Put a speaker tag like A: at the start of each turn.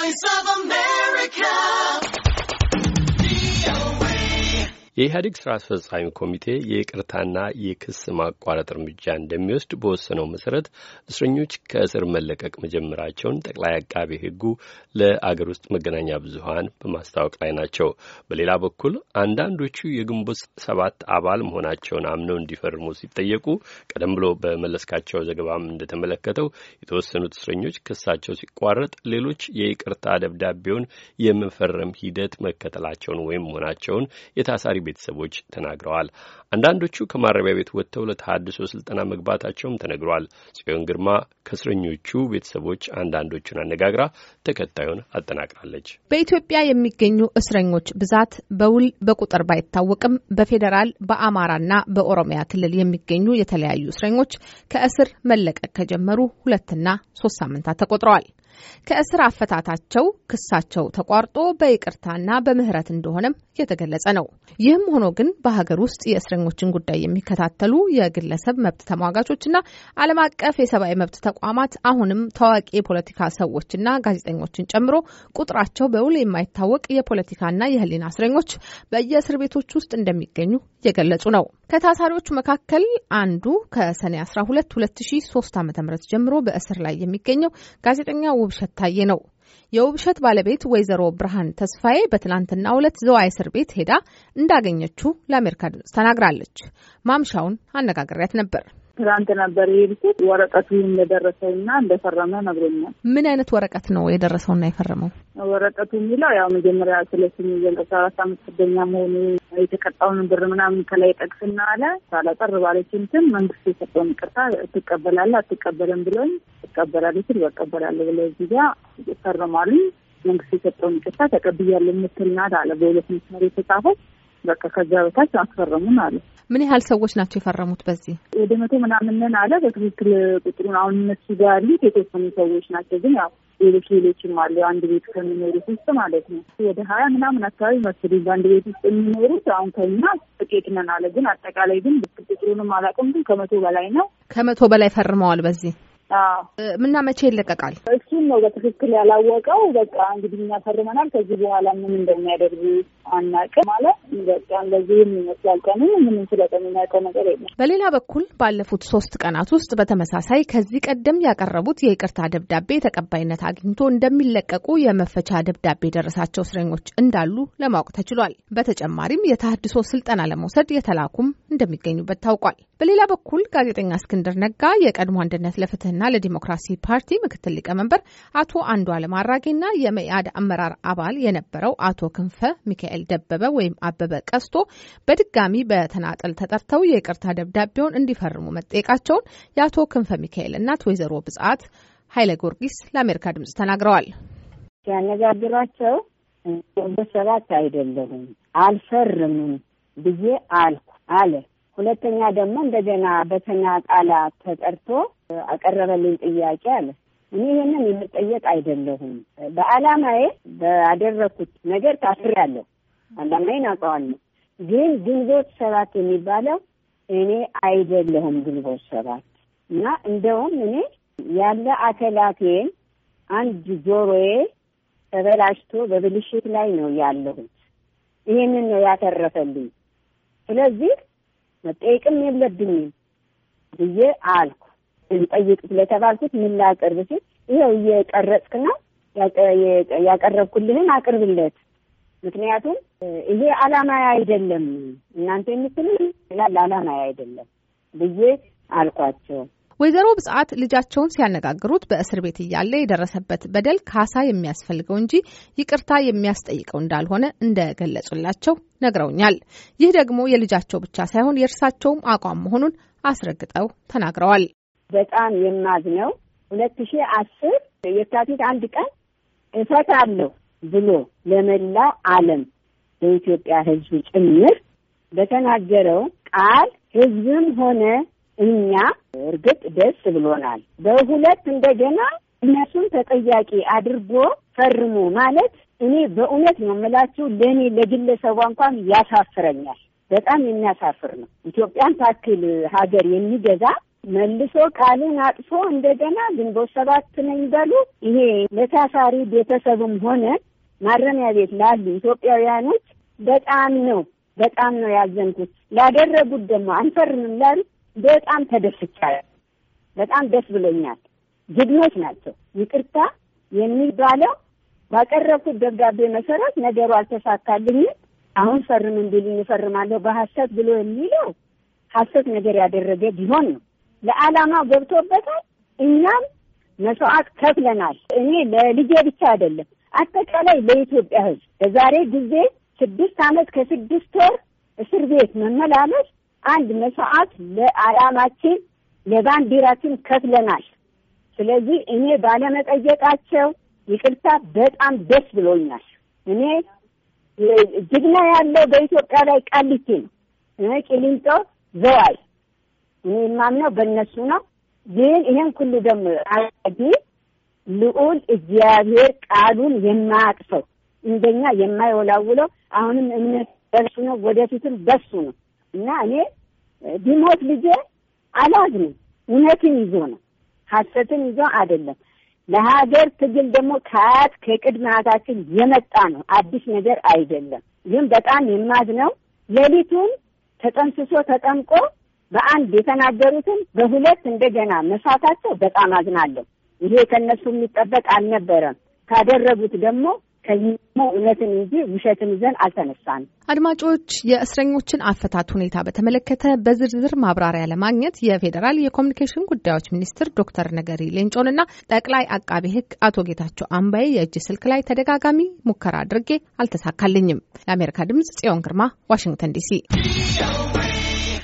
A: Voice of America
B: የኢህአዴግ ስራ አስፈጻሚ ኮሚቴ የይቅርታና የክስ ማቋረጥ እርምጃ እንደሚወስድ በወሰነው መሰረት እስረኞች ከእስር መለቀቅ መጀመራቸውን ጠቅላይ አቃቤ ሕጉ ለአገር ውስጥ መገናኛ ብዙኃን በማስታወቅ ላይ ናቸው። በሌላ በኩል አንዳንዶቹ የግንቦት ሰባት አባል መሆናቸውን አምነው እንዲፈርሙ ሲጠየቁ፣ ቀደም ብሎ በመለስካቸው ዘገባም እንደተመለከተው የተወሰኑት እስረኞች ክሳቸው ሲቋረጥ ሌሎች የይቅርታ ደብዳቤውን የመፈረም ሂደት መከተላቸውን ወይም መሆናቸውን የታሳሪ ቤተሰቦች ተናግረዋል። አንዳንዶቹ ከማረቢያ ቤት ወጥተው ለተሃድሶ ስልጠና መግባታቸውም ተነግሯል። ጽዮን ግርማ ከእስረኞቹ ቤተሰቦች አንዳንዶቹን አነጋግራ ተከታዩን አጠናቅራለች። በኢትዮጵያ የሚገኙ እስረኞች ብዛት በውል በቁጥር ባይታወቅም በፌዴራል በአማራና በኦሮሚያ ክልል የሚገኙ የተለያዩ እስረኞች ከእስር መለቀቅ ከጀመሩ ሁለትና ሶስት ሳምንታት ተቆጥረዋል። ከእስር አፈታታቸው ክሳቸው ተቋርጦ በይቅርታና በምህረት እንደሆነም የተገለጸ ነው። ይህም ሆኖ ግን በሀገር ውስጥ የእስረኞችን ጉዳይ የሚከታተሉ የግለሰብ መብት ተሟጋቾችና ዓለም አቀፍ የሰብአዊ መብት ተቋማት አሁንም ታዋቂ የፖለቲካ ሰዎችና ጋዜጠኞችን ጨምሮ ቁጥራቸው በውል የማይታወቅ የፖለቲካና የህሊና እስረኞች በየእስር ቤቶች ውስጥ እንደሚገኙ እየገለጹ ነው። ከታሳሪዎቹ መካከል አንዱ ከሰኔ 12 2003 ዓ ም ጀምሮ በእስር ላይ የሚገኘው ጋዜጠኛ ውብሸት ታዬ ነው። የውብሸት ባለቤት ወይዘሮ ብርሃን ተስፋዬ በትናንትና ዕለት ዘዋይ እስር ቤት ሄዳ እንዳገኘችው ለአሜሪካ ድምጽ ተናግራለች። ማምሻውን አነጋግሬያት ነበር።
A: ትናንት ነበር የሄድኩት። ወረቀቱ እንደደረሰውና እንደፈረመ ነግሮኛል።
B: ምን አይነት ወረቀት ነው የደረሰውና የፈረመው?
A: ወረቀቱ የሚለው ያው መጀመሪያ ስለ ስሜ አራት አመት ስደኛ መሆኑ የተቀጣውን ብር ምናምን ከላይ ጠቅስና አለ ሳላጠር ባለችንትን መንግስት የሰጠውን ቅርታ ትቀበላለ አትቀበልም ብሎኝ እቀበላለሁ ስል እቀበላለሁ ብለው እዚህ ጋ ፈርማሉ። መንግስት የሰጠውን ይቅርታ ተቀብያለሁ የምትልናል አለ። በሁለት መስመር የተጻፈው በቃ ከዛ በታች አስፈረሙን አለ።
B: ምን ያህል ሰዎች ናቸው የፈረሙት? በዚህ
A: ወደ መቶ ምናምንን አለ። በትክክል ቁጥሩን አሁን እነሱ ጋር ያሉት የተወሰኑ ሰዎች ናቸው፣ ግን ያው ሌሎች ሌሎችም አለ አንድ ቤት ከሚኖሩት ውስጥ ማለት ነው ወደ ሀያ ምናምን አካባቢ መስሉ በአንድ ቤት ውስጥ የሚኖሩት አሁን ከኛ ጥቂት ነን አለ። ግን አጠቃላይ ግን ቁጥሩንም አላውቅም፣ ግን ከመቶ በላይ ነው።
B: ከመቶ በላይ ፈርመዋል በዚህ
A: ምና መቼ ይለቀቃል? እሱም ነው በትክክል ያላወቀው። በቃ እንግዲህ እኛ ፈርመናል፣ ከዚህ በኋላ ምን እንደሚያደርጉ አናውቅም ማለት በቃ እንደዚህ ይመስላል። ቀኑ ምንም ስለቀን ቀኑ የሚያውቀው ነገር የለም።
B: በሌላ በኩል ባለፉት ሶስት ቀናት ውስጥ በተመሳሳይ ከዚህ ቀደም ያቀረቡት የይቅርታ ደብዳቤ ተቀባይነት አግኝቶ እንደሚለቀቁ የመፈቻ ደብዳቤ የደረሳቸው እስረኞች እንዳሉ ለማወቅ ተችሏል። በተጨማሪም የተሃድሶ ስልጠና ለመውሰድ የተላኩም እንደሚገኙበት ታውቋል። በሌላ በኩል ጋዜጠኛ እስክንድር ነጋ የቀድሞ አንድነት ለፍትህና ለዲሞክራሲ ፓርቲ ምክትል ሊቀመንበር አቶ አንዱ አለም አራጌና የመኢአድ አመራር አባል የነበረው አቶ ክንፈ ሚካኤል ደበበ ወይም አበበ ቀስቶ በድጋሚ በተናጠል ተጠርተው የቅርታ ደብዳቤውን እንዲፈርሙ መጠየቃቸውን የአቶ ክንፈ ሚካኤል እናት ወይዘሮ ብጻት ኃይለ ጊዮርጊስ ለአሜሪካ ድምጽ ተናግረዋል።
C: ያነጋግሯቸው ሰባት አይደለሁም አልፈርምም ብዬ አልኩ አለ። ሁለተኛ ደግሞ እንደገና በተና ቃላት ተጠርቶ አቀረበልኝ ጥያቄ አለ። እኔ ይህንን የምጠየቅ አይደለሁም። በዓላማዬ ባደረግኩት ነገር ታስሬያለሁ። ዓላማዬን አውቀዋለሁ። ግን ግንቦት ሰባት የሚባለው እኔ አይደለሁም ግንቦት ሰባት እና እንደውም እኔ ያለ አካላቴን አንድ ጆሮዬ ተበላሽቶ በብልሽት ላይ ነው ያለሁት። ይህንን ነው ያተረፈልኝ። ስለዚህ መጠየቅም የለብኝም ብዬ አልኩ። እንጠይቅ ስለተባልኩት ምን ላቅርብ ሲል ይኸው እየቀረጽክና ያቀረብኩልህን አቅርብለት። ምክንያቱም ይሄ አላማ አይደለም እናንተ የምትሉ ላል አላማ አይደለም ብዬ አልኳቸው።
B: ወይዘሮ ብጻት ልጃቸውን ሲያነጋግሩት በእስር ቤት እያለ የደረሰበት በደል ካሳ የሚያስፈልገው እንጂ ይቅርታ የሚያስጠይቀው እንዳልሆነ እንደገለጹላቸው ነግረውኛል። ይህ ደግሞ የልጃቸው ብቻ ሳይሆን የእርሳቸውም አቋም መሆኑን አስረግጠው ተናግረዋል።
C: በጣም የማዝነው ሁለት ሺህ አስር የካቲት አንድ ቀን እፈታለሁ ብሎ ለመላው ዓለም በኢትዮጵያ ሕዝብ ጭምር በተናገረው ቃል ሕዝብም ሆነ እኛ እርግጥ ደስ ብሎናል። በሁለት እንደገና እነሱን ተጠያቂ አድርጎ ፈርሙ ማለት እኔ በእውነት ነው የምላችሁ፣ ለእኔ ለግለሰቧ እንኳን ያሳፍረኛል። በጣም የሚያሳፍር ነው። ኢትዮጵያን ታክል ሀገር የሚገዛ መልሶ ቃሉን አጥፎ እንደገና ግንቦት ሰባት ነኝ በሉ። ይሄ ለታሳሪ ቤተሰብም ሆነ ማረሚያ ቤት ላሉ ኢትዮጵያውያኖች በጣም ነው በጣም ነው ያዘንኩት። ላደረጉት ደግሞ አንፈርምም ላሉ በጣም ተደስቻለሁ። በጣም ደስ ብሎኛል። ጀግኖች ናቸው። ይቅርታ የሚባለው ባቀረብኩት ደብዳቤ መሰረት ነገሩ አልተሳካልኝም፣ አሁን ፈርም እንዲልኝ እፈርማለሁ በሀሰት ብሎ የሚለው ሀሰት ነገር ያደረገ ቢሆን ነው። ለዓላማው ገብቶበታል። እኛም መስዋዕት ከፍለናል። እኔ ለልጄ ብቻ አይደለም፣ አጠቃላይ ለኢትዮጵያ ሕዝብ በዛሬ ጊዜ ስድስት ዓመት ከስድስት ወር እስር ቤት መመላለስ አንድ መስዋዕት ለዓላማችን ለባንዲራችን ከፍለናል። ስለዚህ እኔ ባለመጠየቃቸው ይቅርታ በጣም ደስ ብሎኛል። እኔ ጅግና ያለው በኢትዮጵያ ላይ ቃሊቲ ነው፣ ቂሊንጦ፣ ዘዋይ እኔ የማምነው በእነሱ ነው። ግን ይህን ሁሉ ደግሞ አዲ ልዑል እግዚአብሔር ቃሉን የማያቅፈው እንደኛ የማይወላውለው አሁንም እምነት በሱ ነው፣ ወደፊትም በሱ ነው። እና እኔ ቢሞት ልጄ አላዝንም። እውነትን ይዞ ነው ሀሰትን ይዞ አይደለም። ለሀገር ትግል ደግሞ ከአያት ከቅድመ አያታችን የመጣ ነው፣ አዲስ ነገር አይደለም። ግን በጣም የማዝነው ሌሊቱን ተጠንስሶ ተጠምቆ በአንድ የተናገሩትን በሁለት እንደገና መሳታቸው በጣም አዝናለሁ። ይሄ ከእነሱ የሚጠበቅ አልነበረም። ካደረጉት ደግሞ ከሞ እውነትን እንጂ ውሸትን ይዘን አልተነሳን። አድማጮች፣
B: የእስረኞችን አፈታት ሁኔታ በተመለከተ በዝርዝር ማብራሪያ ለማግኘት የፌዴራል የኮሚኒኬሽን ጉዳዮች ሚኒስትር ዶክተር ነገሪ ሌንጮንና ጠቅላይ አቃቤ ሕግ አቶ ጌታቸው አምባዬ የእጅ ስልክ ላይ ተደጋጋሚ ሙከራ አድርጌ አልተሳካልኝም። ለአሜሪካ ድምጽ ጽዮን ግርማ ዋሽንግተን ዲሲ